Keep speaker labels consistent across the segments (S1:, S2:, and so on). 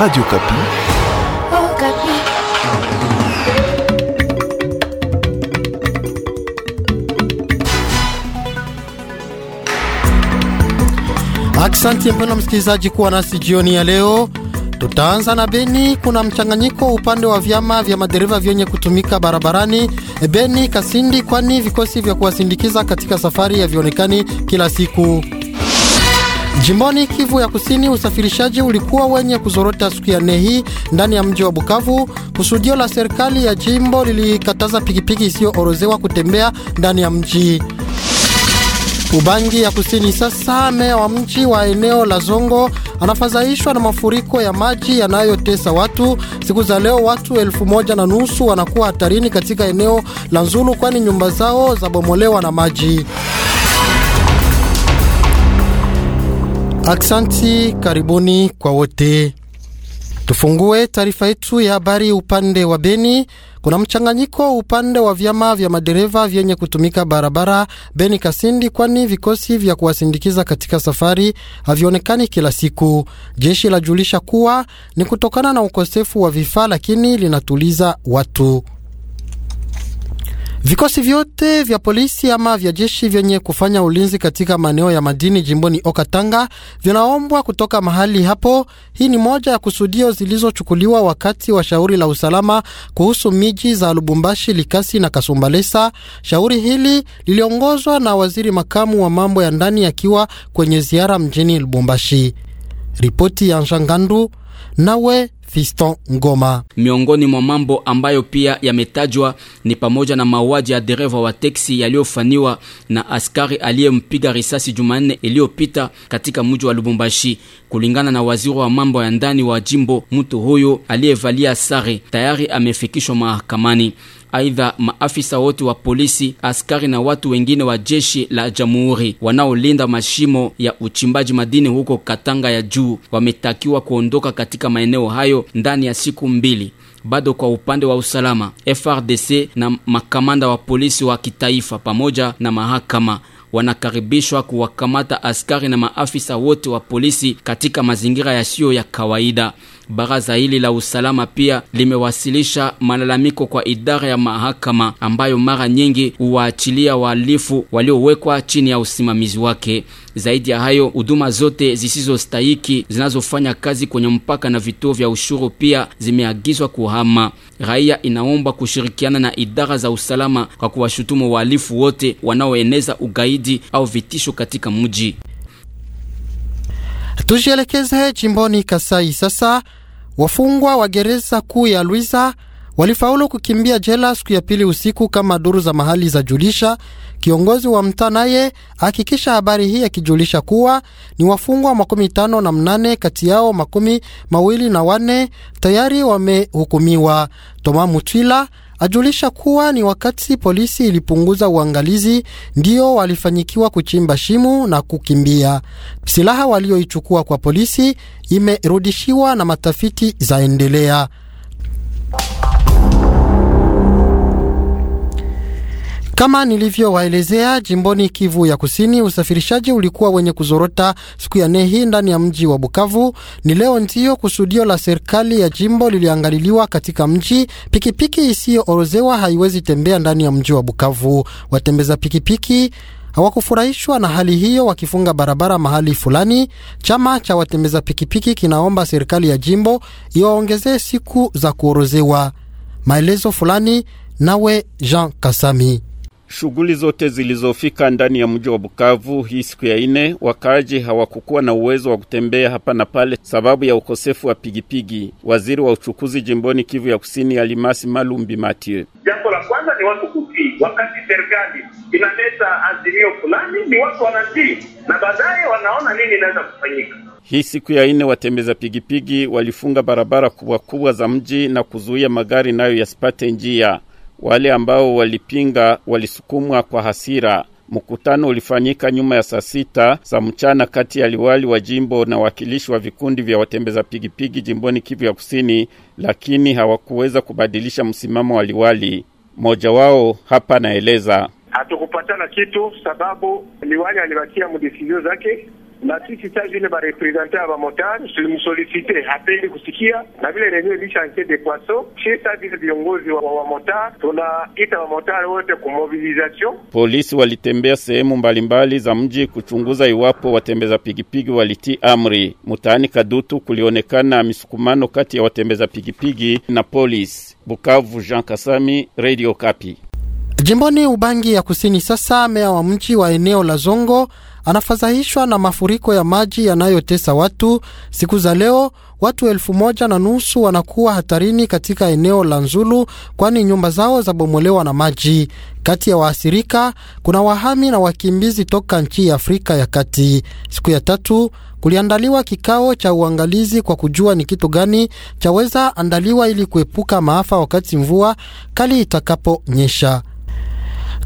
S1: Radio Kapi.
S2: Oh, Kapi.
S3: Aksanti mpendwa msikilizaji kuwa nasi jioni ya leo. Tutaanza na Beni. Kuna mchanganyiko upande wa vyama vya madereva vyenye kutumika barabarani Beni Kasindi, kwani vikosi vya kuwasindikiza katika safari havionekani kila siku. Jimboni Kivu ya Kusini, usafirishaji ulikuwa wenye kuzorota siku ya nne hii ndani ya mji wa Bukavu. Kusudio la serikali ya jimbo lilikataza pikipiki isiyoorozewa kutembea ndani ya mji. Ubangi ya Kusini, sasa meya wa mji wa eneo la Zongo anafadhaishwa na mafuriko ya maji yanayotesa watu. Siku za leo watu elfu moja na nusu wanakuwa hatarini katika eneo la Nzulu, kwani nyumba zao zabomolewa na maji. Aksanti, karibuni kwa wote. Tufungue taarifa yetu ya habari upande wa Beni. Kuna mchanganyiko upande wa vyama vya madereva vyenye kutumika barabara Beni Kasindi, kwani vikosi vya kuwasindikiza katika safari havionekani kila siku. Jeshi lajulisha kuwa ni kutokana na ukosefu wa vifaa, lakini linatuliza watu. Vikosi vyote vya polisi ama vya jeshi vyenye kufanya ulinzi katika maeneo ya madini jimboni Okatanga vinaombwa kutoka mahali hapo. Hii ni moja ya kusudio zilizochukuliwa wakati wa shauri la usalama kuhusu miji za Lubumbashi, Likasi na Kasumbalesa. Shauri hili liliongozwa na waziri makamu wa mambo ya ndani akiwa kwenye ziara mjini Lubumbashi. Ripoti ya Nshangandu nawe Fiston Ngoma.
S2: Miongoni mwa mambo ambayo pia yametajwa ni pamoja na mauaji ya dereva wa teksi yaliyofanywa na askari aliyempiga risasi Jumanne iliyopita katika mji wa Lubumbashi. Kulingana na waziri wa mambo ya ndani wa jimbo, mtu huyo aliyevalia sare tayari amefikishwa mahakamani. Aidha, maafisa wote wa polisi, askari na watu wengine wa jeshi la jamhuri wanaolinda mashimo ya uchimbaji madini huko Katanga ya juu wametakiwa kuondoka katika maeneo hayo ndani ya siku mbili. Bado kwa upande wa usalama, FRDC na makamanda wa polisi wa kitaifa pamoja na mahakama wanakaribishwa kuwakamata askari na maafisa wote wa polisi katika mazingira yasiyo ya kawaida. Baraza hili la usalama pia limewasilisha malalamiko kwa idara ya mahakama ambayo mara nyingi huwaachilia wahalifu waliowekwa chini ya usimamizi wake. Zaidi ya hayo, huduma zote zisizostahiki zinazofanya kazi kwenye mpaka na vituo vya ushuru pia zimeagizwa kuhama. Raia inaomba kushirikiana na idara za usalama kwa kuwashutumu wahalifu wote wanaoeneza ugaidi au vitisho katika mji.
S3: Tujielekeze jimboni Kasai sasa. Wafungwa wa gereza kuu ya Luiza walifaulu kukimbia jela siku ya pili usiku, kama duru za mahali za julisha. Kiongozi wa mtaa naye hakikisha habari hii akijulisha kuwa ni wafungwa makumi tano na mnane kati yao makumi mawili na wane tayari wamehukumiwa. Toma Mutwila ajulisha kuwa ni wakati polisi ilipunguza uangalizi ndio walifanyikiwa kuchimba shimu na kukimbia. Silaha walioichukua kwa polisi imerudishiwa na matafiti zaendelea. Kama nilivyowaelezea, jimboni Kivu ya Kusini, usafirishaji ulikuwa wenye kuzorota siku ya nehi ndani ya mji wa Bukavu. Ni leo ndio kusudio la serikali ya jimbo liliangaliliwa katika mji. Pikipiki isiyoorozewa haiwezi tembea ndani ya mji wa Bukavu. Watembeza pikipiki hawakufurahishwa na hali hiyo, wakifunga barabara mahali fulani. Chama cha watembeza pikipiki kinaomba serikali ya jimbo iwaongezee siku za kuorozewa. Maelezo fulani nawe Jean Kasami.
S4: Shughuli zote zilizofika ndani ya mji wa Bukavu hii siku ya ine, wakaaji hawakukuwa na uwezo wa kutembea hapa na pale sababu ya ukosefu wa pigipigi. Waziri wa uchukuzi jimboni Kivu ya Kusini, Alimasi Malumbi Mathieu:
S1: jambo la kwanza ni watu kutii, wakati serikali inaleta azimio fulani ni watu wanatii, na baadaye wanaona nini inaweza kufanyika.
S4: Hii siku ya ine watembeza pigipigi walifunga barabara kubwa kubwa za mji na kuzuia magari nayo yasipate njia. Wale ambao walipinga walisukumwa kwa hasira. Mkutano ulifanyika nyuma ya saa sita za mchana kati ya liwali wa jimbo na wakilishi wa vikundi vya watembeza pigipigi jimboni Kivu ya Kusini, lakini hawakuweza kubadilisha msimamo wa liwali. Mmoja wao hapa anaeleza:
S1: hatukupatana kitu sababu liwali alibakia mudesizio zake na sisi saa zile bareprezante ya bamotari tulimsolisite, hapendi kusikia na vile ni lishantie de poisson shi saa zile viongozi wa wamotari tunaita wamotare wote kumobilization.
S4: Polisi walitembea sehemu mbalimbali za mji kuchunguza iwapo watembeza pigipigi walitii amri. Mtaani Kadutu kulionekana misukumano kati ya watembeza pigipigi na polisi. Bukavu, Jean Kasami, Radio Kapi.
S3: Jimboni Ubangi ya Kusini. Sasa meya wa mji wa eneo la Zongo anafadhaishwa na mafuriko ya maji yanayotesa watu. Siku za leo watu elfu moja na nusu wanakuwa hatarini katika eneo la Nzulu, kwani nyumba zao zabomolewa na maji. Kati ya waathirika kuna wahami na wakimbizi toka nchi ya Afrika ya Kati. Siku ya tatu kuliandaliwa kikao cha uangalizi kwa kujua ni kitu gani chaweza andaliwa ili kuepuka maafa wakati mvua kali itakaponyesha.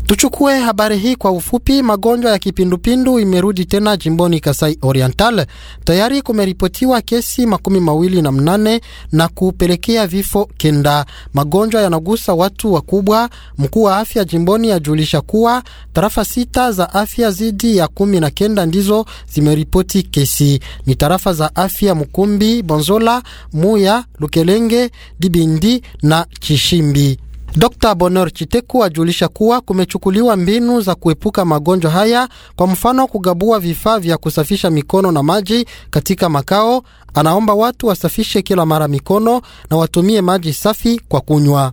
S3: Tuchukue habari hii kwa ufupi. Magonjwa ya kipindupindu imerudi tena jimboni Kasai Oriental. Tayari kumeripotiwa kesi makumi mawili na mnane na kupelekea vifo kenda. Magonjwa yanagusa watu wakubwa. Mkuu wa afya jimboni ajulisha kuwa tarafa sita za afya zidi ya kumi na kenda ndizo zimeripoti kesi. Ni tarafa za afya Mukumbi, Bonzola, Muya, Lukelenge, Dibindi na Chishimbi. Dr Bonor Chiteku ajulisha kuwa kumechukuliwa mbinu za kuepuka magonjwa haya, kwa mfano kugabua vifaa vya kusafisha mikono na maji katika makao. Anaomba watu wasafishe kila mara mikono na watumie maji safi kwa kunywa.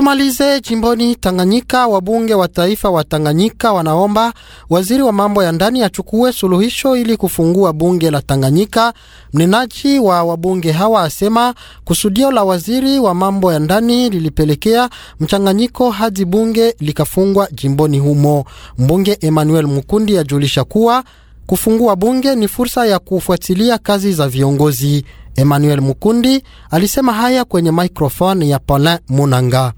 S3: Tumalize jimboni Tanganyika. Wabunge wa taifa wa Tanganyika wanaomba waziri wa mambo ya ndani achukue suluhisho ili kufungua bunge la Tanganyika. Mnenaji wa wabunge hawa asema kusudio la waziri wa mambo ya ndani lilipelekea mchanganyiko hadi bunge likafungwa jimboni humo. Mbunge Emmanuel Mukundi ajulisha kuwa kufungua bunge ni fursa ya kufuatilia kazi za viongozi. Emmanuel Mukundi alisema haya kwenye microphone ya Paulin Munanga.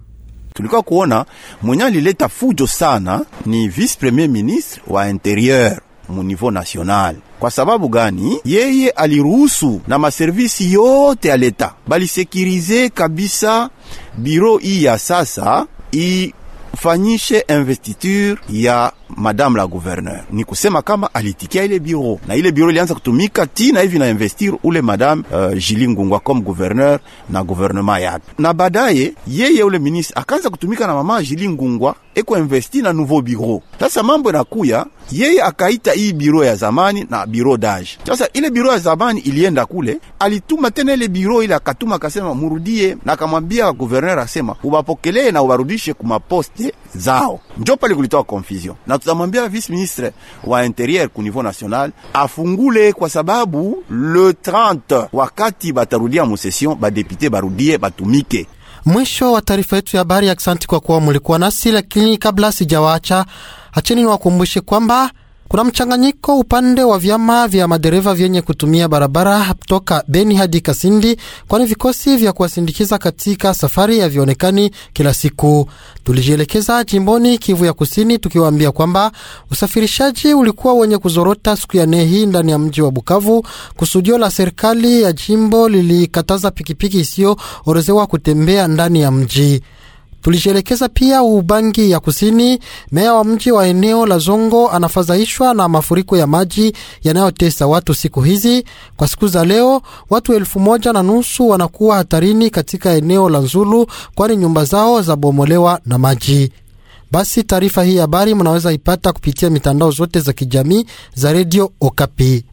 S3: Tulikuwa kuona
S1: mwenye alileta fujo sana ni vice premier ministre wa interieur mu niveau national. Kwa sababu gani? Yeye aliruhusu na maservisi yote ya leta balisekirize kabisa biro hii ya sasa ifanyishe investiture ya madame la gouverneur ni kusema kama alitikia ile biro na ile biro ilianza kutumika ti na hivi na investir ule madame uh, Jili Ngungwa comme gouverneur na gouvernement yake, na baadaye yeye ule ministre akaanza kutumika na mama Jili Ngungwa eko investi na nouveau biro. Sasa mambo inakuya, yeye akaita hii biro ya zamani na biro dage. Sasa ile biro ya zamani ilienda kule, alituma tena ile biro ile, akatuma akasema murudie, na akamwambia gouverneur asema ubapokelee na ubarudishe poste zao. Njo pale kulitoa confusion na tutamwambia vice ministre wa interieur ku niveau national afungule, kwa sababu le 30 wakati batarudia musession badepute barudie batumike.
S3: Mwisho wa taarifa yetu ya habari. Aksanti kwa kuwa mulikuwa nasi, lakini kabla sijawaacha, acheni niwakumbushe kwamba kuna mchanganyiko upande wa vyama vya madereva vyenye kutumia barabara toka Beni hadi Kasindi, kwani vikosi vya kuwasindikiza katika safari havionekani kila siku. Tulijielekeza jimboni Kivu ya Kusini tukiwaambia kwamba usafirishaji ulikuwa wenye kuzorota siku ya nehi ndani ya mji wa Bukavu. Kusudio la serikali ya jimbo lilikataza pikipiki isiyo orozewa kutembea ndani ya mji. Tulisherekeza pia Ubangi ya Kusini. Meya wa mji wa eneo la Zongo anafadhaishwa na mafuriko ya maji yanayotesa watu siku hizi. Kwa siku za leo, watu elfu moja na nusu wanakuwa hatarini katika eneo la Nzulu, kwani nyumba zao zabomolewa na maji. Basi taarifa hii habari mnaweza ipata kupitia mitandao zote za kijamii za redio Okapi.